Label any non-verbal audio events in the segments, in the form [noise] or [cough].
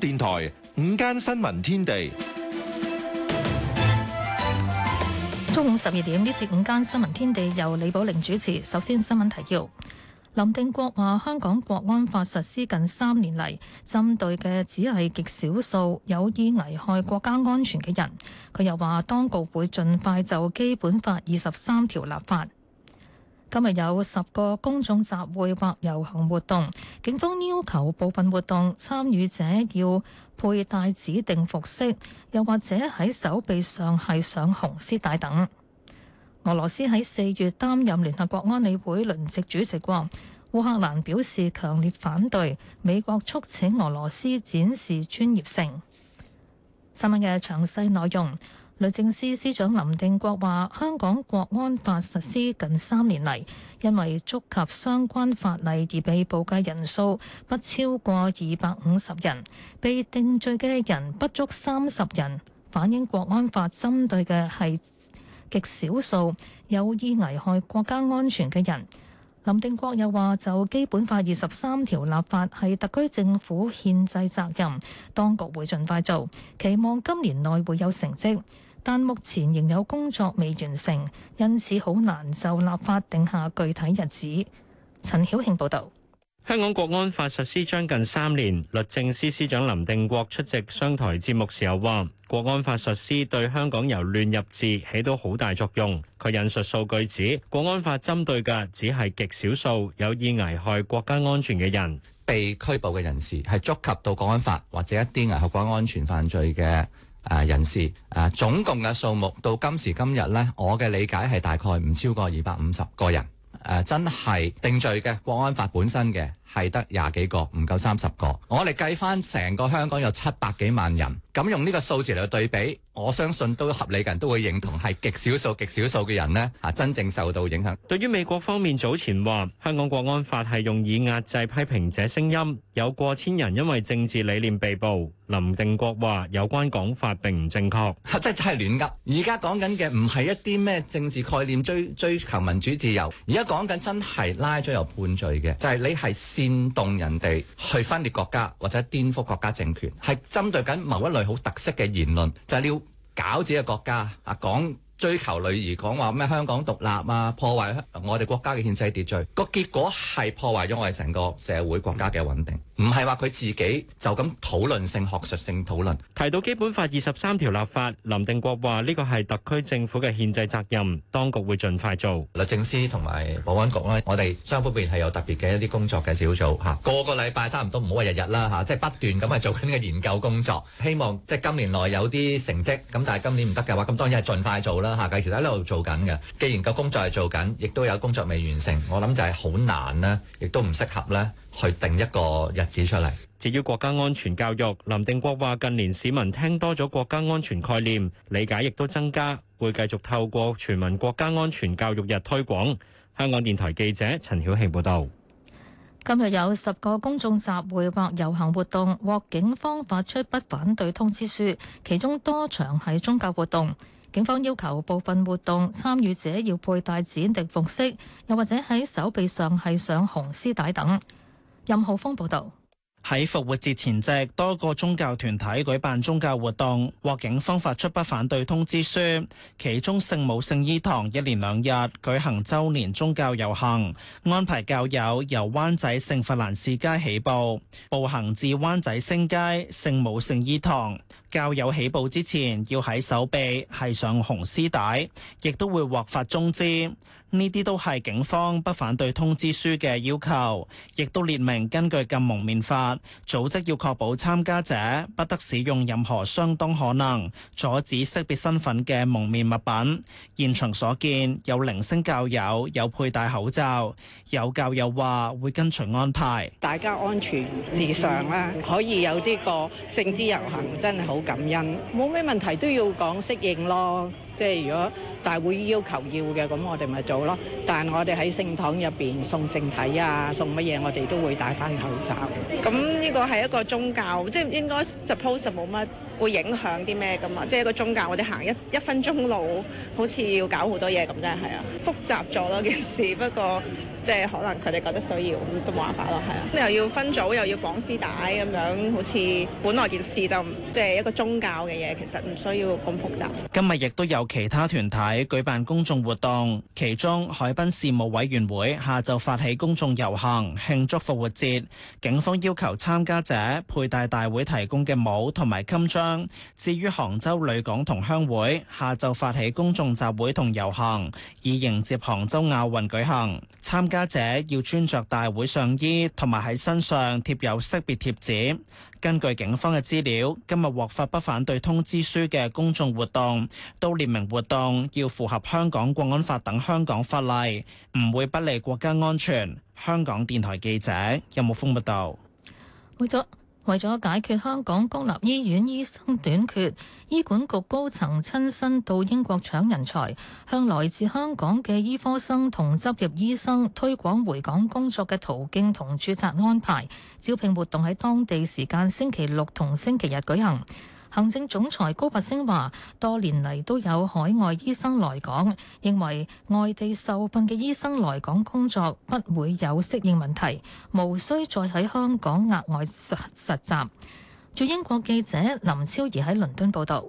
電台午間新聞天地，中午十二點，呢節午間新聞天地由李寶玲主持。首先新聞提要，林定國話香港國安法實施近三年嚟，針對嘅只係極少數有意危害國家安全嘅人。佢又話當局會盡快就基本法二十三條立法。今日有十個公眾集會或遊行活動，警方要求部分活動參與者要佩戴指定服飾，又或者喺手臂上係上紅絲帶等。俄羅斯喺四月擔任聯合國安理會輪值主席國，烏克蘭表示強烈反對美國促請俄羅斯展示專業性。新聞嘅詳細內容。律政司司長林定國話：香港國安法實施近三年嚟，因為觸及相關法例而被捕嘅人數不超過二百五十人，被定罪嘅人不足三十人，反映國安法針對嘅係極少數有意危害國家安全嘅人。林定國又話：就基本法二十三條立法係特區政府憲制責任，當局會盡快做，期望今年內會有成績。但目前仍有工作未完成，因此好難就立法定下具體日子。陳曉慶報道：香港國安法實施將近三年，律政司司長林定國出席商台節目時候話，國安法實施對香港由亂入治起到好大作用。佢引述數據指，國安法針對嘅只係極少數有意危害國家安全嘅人，被拘捕嘅人士係觸及到國安法或者一啲危害國家安全犯罪嘅。誒、啊、人士誒、啊、總共嘅數目到今時今日咧，我嘅理解係大概唔超過二百五十個人誒、啊，真係定罪嘅國安法本身嘅。係得廿幾個，唔夠三十個。我哋計翻成個香港有七百幾萬人，咁用呢個數字嚟對比，我相信都合理嘅人都會認同係極少數、極少數嘅人呢，吓真正受到影響。對於美國方面，早前話香港國安法係用以壓制批評者聲音，有過千人因為政治理念被捕。林定國話有關講法並唔正確， [laughs] 即係亂。而家講緊嘅唔係一啲咩政治概念追追求民主自由，而家講緊真係拉咗又判罪嘅，就係、是、你係。煽動人哋去分裂國家或者顛覆國家政權，係針對緊某一類好特色嘅言論，就係、是、你要搞自己嘅國家啊講。追求女兒講話咩？香港獨立啊，破壞我哋國家嘅憲制秩序，個結果係破壞咗我哋成個社會國家嘅穩定。唔係話佢自己就咁討論性學術性討論。提到基本法二十三條立法，林定國話呢個係特區政府嘅憲制責任，當局會盡快做。律政司同埋保安局呢，我哋雙方面係有特別嘅一啲工作嘅小組嚇，個個禮拜差唔多唔好話日日啦嚇，即係不斷咁係做緊嘅研究工作，希望即係今年內有啲成績。咁但係今年唔得嘅話，咁當然係盡快做啦。下屆其實喺度做緊嘅，既然個工作係做緊，亦都有工作未完成，我諗就係好難咧，亦都唔適合咧，去定一個日子出嚟。至於國家安全教育，林定國話：近年市民聽多咗國家安全概念，理解亦都增加，會繼續透過全民國家安全教育日推廣。香港電台記者陳曉慶報道。今日有十個公眾集會或遊行活動獲警方發出不反對通知書，其中多場係宗教活動。警方要求部分活動參與者要佩戴剪笛服飾，又或者喺手臂上係上紅絲帶等。任浩峰報導。喺復活節前夕，多個宗教團體舉辦宗教活動，獲警方發出不反對通知書。其中聖母聖衣堂一連兩日舉行周年宗教遊行，安排教友由灣仔聖佛蘭士街起步，步行至灣仔星街聖母聖衣堂。教友起步之前要喺手臂繫上紅絲帶，亦都會獲發棕枝。呢啲都係警方不反對通知書嘅要求，亦都列明根據禁蒙面法，組織要確保參加者不得使用任何相當可能阻止識別身份嘅蒙面物品。現場所見有零星教友有佩戴口罩，有教友話會跟隨安排。大家安全至上啦，可以有呢個聖枝遊行真係好。感恩冇咩問題都要講適應咯，即係如果大會要求要嘅，咁我哋咪做咯。但係我哋喺聖堂入邊送聖體啊，送乜嘢我哋都會戴翻口罩。咁呢個係一個宗教，即係應該 suppose 冇乜。會影響啲咩㗎嘛？即係個宗教，我哋行一一分鐘路，好似要搞好多嘢咁，真係啊，複雜咗咯件事。不過即係可能佢哋覺得需要，咁都冇辦法咯，係啊。你又要分組，又要綁絲帶咁樣，好似本來件事就即係一個宗教嘅嘢，其實唔需要咁複雜。今日亦都有其他團體舉辦公眾活動，其中海濱事務委員會下晝發起公眾遊行慶祝復活節，警方要求參加者佩戴大會提供嘅帽同埋襟章。至於杭州旅港同鄉會下晝發起公眾集會同遊行，以迎接杭州亞運舉行。參加者要穿着大會上衣，同埋喺身上貼有識別貼紙。根據警方嘅資料，今日獲發不反對通知書嘅公眾活動，都列明活動要符合香港國安法等香港法例，唔會不利國家安全。香港電台記者任木峰報道。為咗解決香港公立醫院醫生短缺，醫管局高層親身到英國搶人才，向來自香港嘅醫科生同執業醫生推廣回港工作嘅途徑同註冊安排，招聘活動喺當地時間星期六同星期日舉行。行政總裁高柏升話：多年嚟都有海外醫生來港，認為外地受聘嘅醫生來港工作不會有適應問題，無需再喺香港額外實實習。駐英國記者林超儀喺倫敦報道。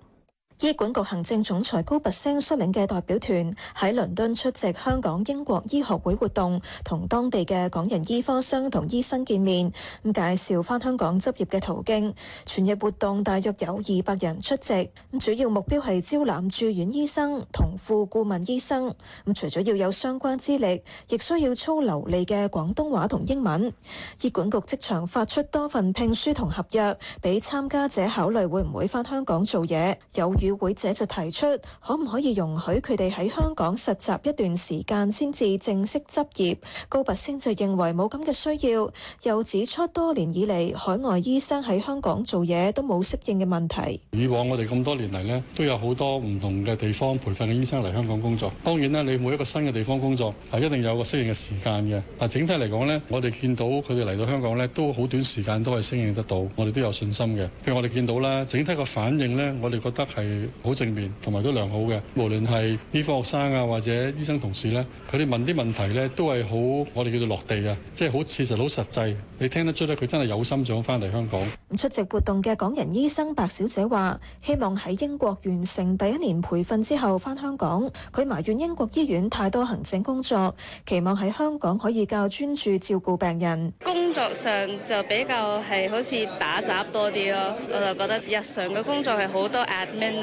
醫管局行政總裁高拔升率領嘅代表團喺倫敦出席香港英國醫學會活動，同當地嘅港人醫科生同醫生見面，咁介紹返香港執業嘅途徑。全日活動大約有二百人出席，主要目標係招攬住院醫生同副顧問醫生。咁除咗要有相關資歷，亦需要操流利嘅廣東話同英文。醫管局即場發出多份聘書同合約，俾參加者考慮會唔會返香港做嘢，有會者就提出，可唔可以容許佢哋喺香港實習一段時間先至正式執業？高拔陞就認為冇咁嘅需要，又指出多年以嚟海外醫生喺香港做嘢都冇適應嘅問題。以往我哋咁多年嚟呢，都有好多唔同嘅地方培訓嘅醫生嚟香港工作。當然啦，你每一個新嘅地方工作係一定有一個適應嘅時間嘅。但整體嚟講呢，我哋見到佢哋嚟到香港呢，都好短時間都係適應得到，我哋都有信心嘅。譬如我哋見到啦，整體個反應呢，我哋覺得係。好正面，同埋都良好嘅。無論係醫科學生啊，或者醫生同事咧，佢哋問啲問題咧，都係好我哋叫做落地啊，即係好切實好實際，你聽得出咧，佢真係有心想翻嚟香港。出席活動嘅港人醫生白小姐話希望喺英國完成第一年培訓之後翻香港。佢埋怨英國醫院太多行政工作，期望喺香港可以較專注照顧病人。工作上就比較係好似打雜多啲咯，我就覺得日常嘅工作係好多 admin。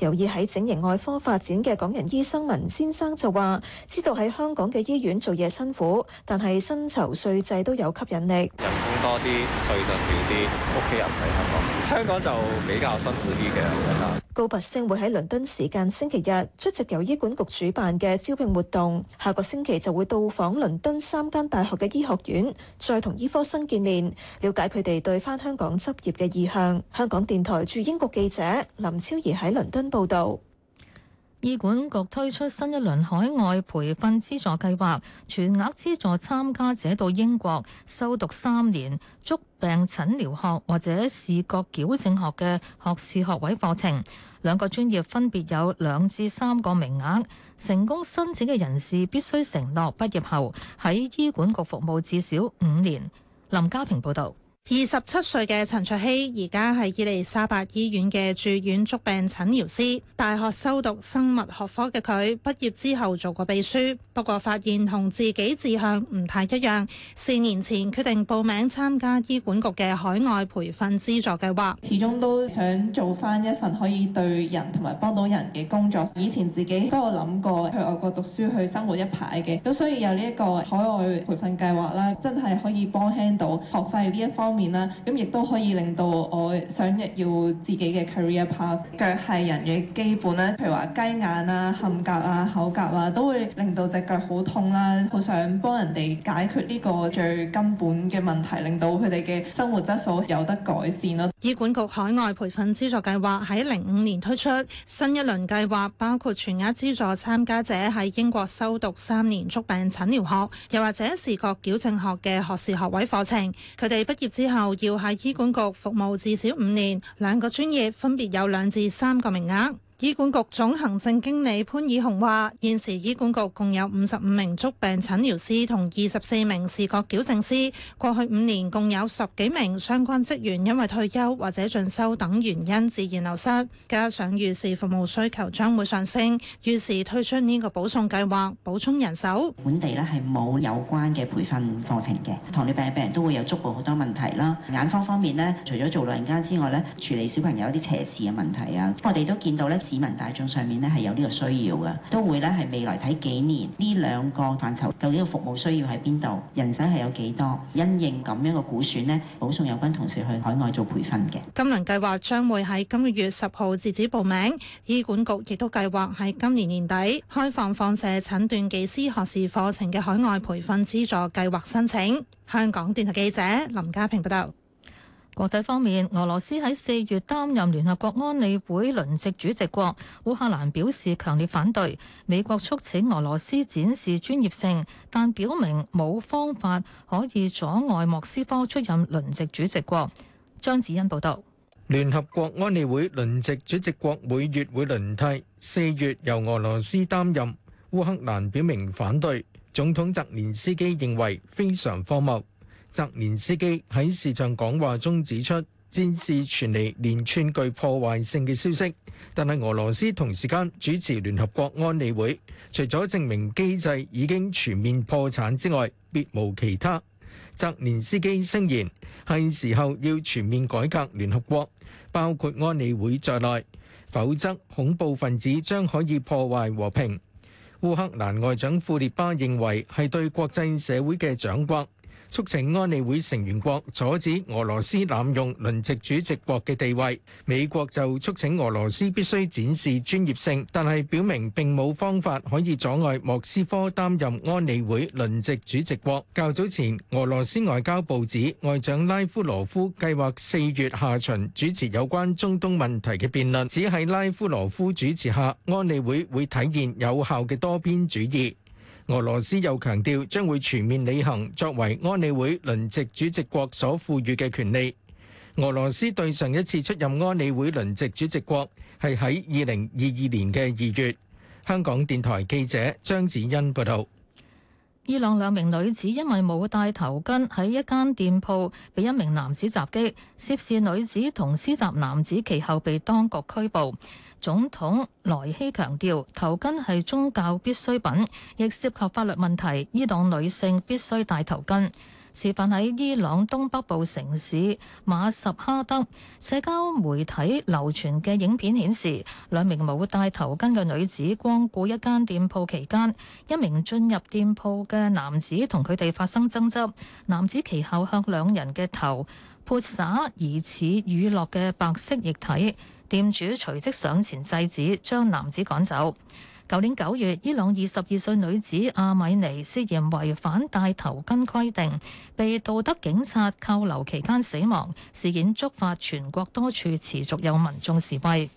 有意喺整形外科發展嘅港人醫生文先生就話：知道喺香港嘅醫院做嘢辛苦，但係薪酬稅制都有吸引力，人工多啲，稅就少啲。屋企人喺香港，香港就比較辛苦啲嘅。高拔升會喺倫敦時間星期日出席由醫管局主辦嘅招聘活動，下個星期就會到訪倫敦三間大學嘅醫學院，再同醫科生見面，了解佢哋對返香港執業嘅意向。香港電台駐英國記者林超然。喺倫敦報道，醫管局推出新一輪海外培訓資助計劃，全額資助參加者到英國修讀三年足病診療學或者視覺矯正學嘅學士學位課程。兩個專業分別有兩至三個名額，成功申請嘅人士必須承諾畢業後喺醫管局服務至少五年。林家平報道。二十七歲嘅陳卓希，而家係伊利沙伯醫院嘅住院足病診療師。大學修讀生物學科嘅佢，畢業之後做過秘書，不過發現同自己志向唔太一樣。四年前決定報名參加醫管局嘅海外培訓資助計劃，始終都想做翻一份可以對人同埋幫到人嘅工作。以前自己都有諗過去外國讀書去生活一排嘅，咁所以有呢一個海外培訓計劃啦，真係可以幫輕到學費呢一方面，面啦，咁亦都可以令到我想要自己嘅 career path。腳係人嘅基本啦，譬如話雞眼啊、冚甲啊、口甲啊，都會令到隻腳好痛啦，好想幫人哋解決呢個最根本嘅問題，令到佢哋嘅生活質素有得改善啦。醫管局海外培訓資助計劃喺零五年推出，新一輪計劃，包括全額資助參加者喺英國修讀三年足病診療學，又或者視覺矯正學嘅學士學位課程。佢哋畢業之之後要喺醫管局服務至少五年，兩個專業分別有兩至三個名額。醫管局總行政經理潘以雄話，現時醫管局共有五十五名足病診療師同二十四名視覺矯正師。過去五年共有十幾名相關職員因為退休或者進修等原因自然流失，加上預示服務需求將會上升，於是推出呢個保送計劃補充人手。本地呢係冇有關嘅培訓課程嘅。糖尿病嘅病人都會有足部好多問題啦。眼科方,方面呢，除咗做老人家之外呢，處理小朋友啲斜視嘅問題啊，我哋都見到呢。市民大眾上面呢，係有呢個需要嘅，都會咧係未來睇幾年呢兩個範疇究竟個服務需要喺邊度，人手係有幾多，因應咁樣一個估算咧，保送有關同事去海外做培訓嘅。今輪計劃將會喺今個月十號截止報名，醫管局亦都計劃喺今年年底開放放射診斷技師學士課程嘅海外培訓資助計劃申請。香港電台記者林家平報道。國際方面，俄羅斯喺四月擔任聯合國安理會輪值主席國，烏克蘭表示強烈反對。美國促請俄羅斯展示專業性，但表明冇方法可以阻礙莫斯科出任輪值主席國。張子欣報導。聯合國安理會輪值主席國每月會輪替，四月由俄羅斯擔任，烏克蘭表明反對。總統澤連斯基認為非常荒謬。澤連斯基喺視像講話中指出，戰事傳嚟連串具破壞性嘅消息，但係俄羅斯同時間主持聯合國安理會，除咗證明機制已經全面破產之外，別無其他。澤連斯基聲言係時候要全面改革聯合國，包括安理會在內，否則恐怖分子將可以破壞和平。烏克蘭外長庫列巴認為係對國際社會嘅掌摑。促請安理會成員國阻止俄羅斯濫用輪值主席國嘅地位。美國就促請俄羅斯必須展示專業性，但係表明並冇方法可以阻礙莫斯科擔任安理會輪值主席國。較早前，俄羅斯外交部指外長拉夫羅夫計劃四月下旬主持有關中東問題嘅辯論，只係拉夫羅夫主持下，安理會會體現有效嘅多邊主義。俄羅斯又強調將會全面履行作為安理會輪值主席國所賦予嘅權利。俄羅斯對上一次出任安理會輪值主席國係喺二零二二年嘅二月。香港電台記者張子欣報道。伊朗兩名女子因為冇戴頭巾喺一間店鋪被一名男子襲擊，涉事女子同施襲男子其後被當局拘捕。總統萊希強調，頭巾係宗教必需品，亦涉及法律問題，伊朗女性必須戴頭巾。事發喺伊朗東北部城市馬什哈德，社交媒體流傳嘅影片顯示，兩名冇戴頭巾嘅女子光顧一間店鋪期間，一名進入店鋪嘅男子同佢哋發生爭執，男子其後向兩人嘅頭潑灑疑似乳酪嘅白色液體，店主隨即上前制止，將男子趕走。舊年九月，伊朗二十二歲女子阿米尼涉嫌違反戴頭巾規定，被道德警察扣留期間死亡。事件觸發全國多處持續有民眾示威。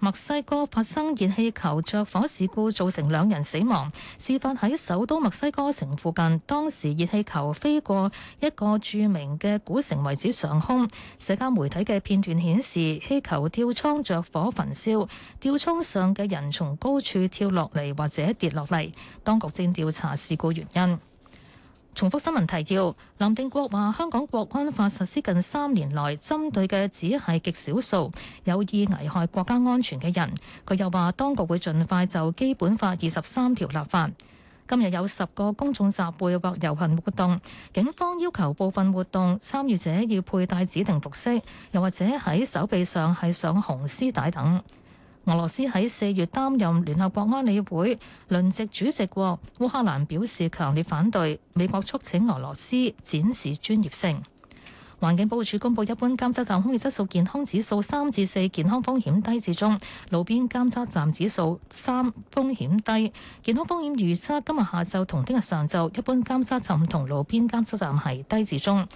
墨西哥發生熱氣球着火事故，造成兩人死亡。事發喺首都墨西哥城附近，當時熱氣球飛過一個著名嘅古城遺址上空。社交媒體嘅片段顯示，氣球吊艙着火焚燒，吊艙上嘅人從高處跳落嚟或者跌落嚟。當局正調查事故原因。重複新聞提要，林定國話香港國安法實施近三年來，針對嘅只係極少數有意危害國家安全嘅人。佢又話，當局會盡快就基本法二十三條立法。今日有十個公眾集會或遊行活動，警方要求部分活動參與者要佩戴指定服飾，又或者喺手臂上繫上紅絲帶等。俄羅斯喺四月擔任聯合國安理會輪值主席國，烏克蘭表示強烈反對。美國促請俄羅斯展示專業性。環境保護署公佈一般監測站空氣質素健康指數三至四，健康風險低至中；路邊監測站指數三，風險低，健康風險預測今日下晝同聽日上晝一般監測站同路邊監測站係低至中。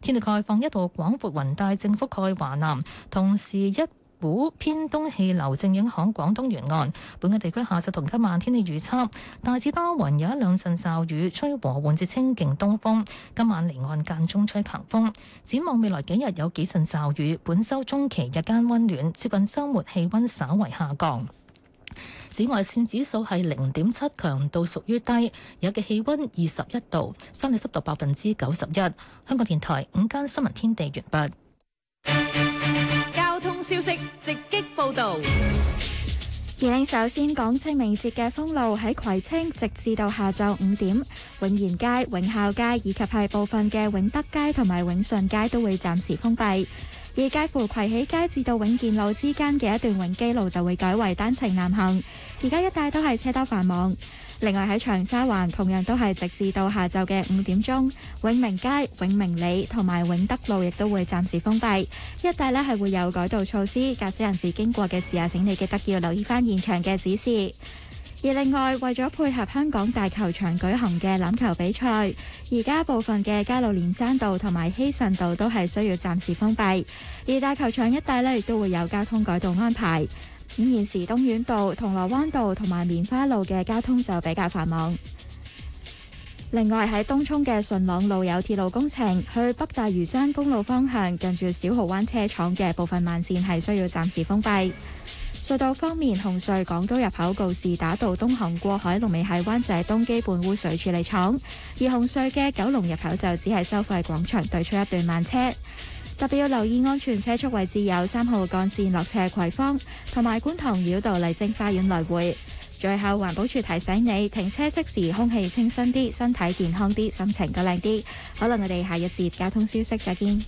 天氣概況一道廣闊雲帶正覆蓋華南，同時一。股偏東氣流正影響廣東沿岸，本日地區下晝同今晚天氣預測大致多雲，有一兩陣驟雨，吹和緩至清勁東風。今晚離岸間中吹強風。展望未來幾日有幾陣驟雨，本週中期日間溫暖，接近週末氣溫稍為下降。紫外線指數係零點七，強度屬於低，現時氣溫二十一度，相對濕度百分之九十一。香港電台午間新聞天地完畢。消息直擊報道。而首先講清明節嘅封路喺葵青，直至到下晝五點，永賢街、永孝街以及係部分嘅永德街同埋永順街都會暫時封閉。而介乎葵起街至到永健路之間嘅一段永基路就會改為單程南行。而家一帶都係車多繁忙，另外喺長沙灣同樣都係直至到下晝嘅五點鐘，永明街、永明里同埋永德路亦都會暫時封閉，一帶呢係會有改道措施，駕駛人士經過嘅時候請你記得要留意翻現場嘅指示。而另外為咗配合香港大球場舉行嘅籃球比賽，而家部分嘅加路連山道同埋希慎道都係需要暫時封閉，而大球場一帶呢亦都會有交通改道安排。現時，東苑道、銅鑼灣道同埋棉花路嘅交通就比較繁忙。另外喺東涌嘅順朗路有鐵路工程，去北大嶼山公路方向近住小蚝灣車廠嘅部分慢線係需要暫時封閉。隧道方面，紅隧港島入口告士打道東行過海龍尾喺灣仔東基畔污水處理廠；而紅隧嘅九龍入口就只係收費廣場對出一段慢車。特別要留意安全車速位置，有三號幹線落斜葵芳，同埋觀塘繞道麗晶花園來回。最後，環保署提醒你停車熄匙，空氣清新啲，身體健康啲，心情更靚啲。好啦，我哋下一節交通消息再見。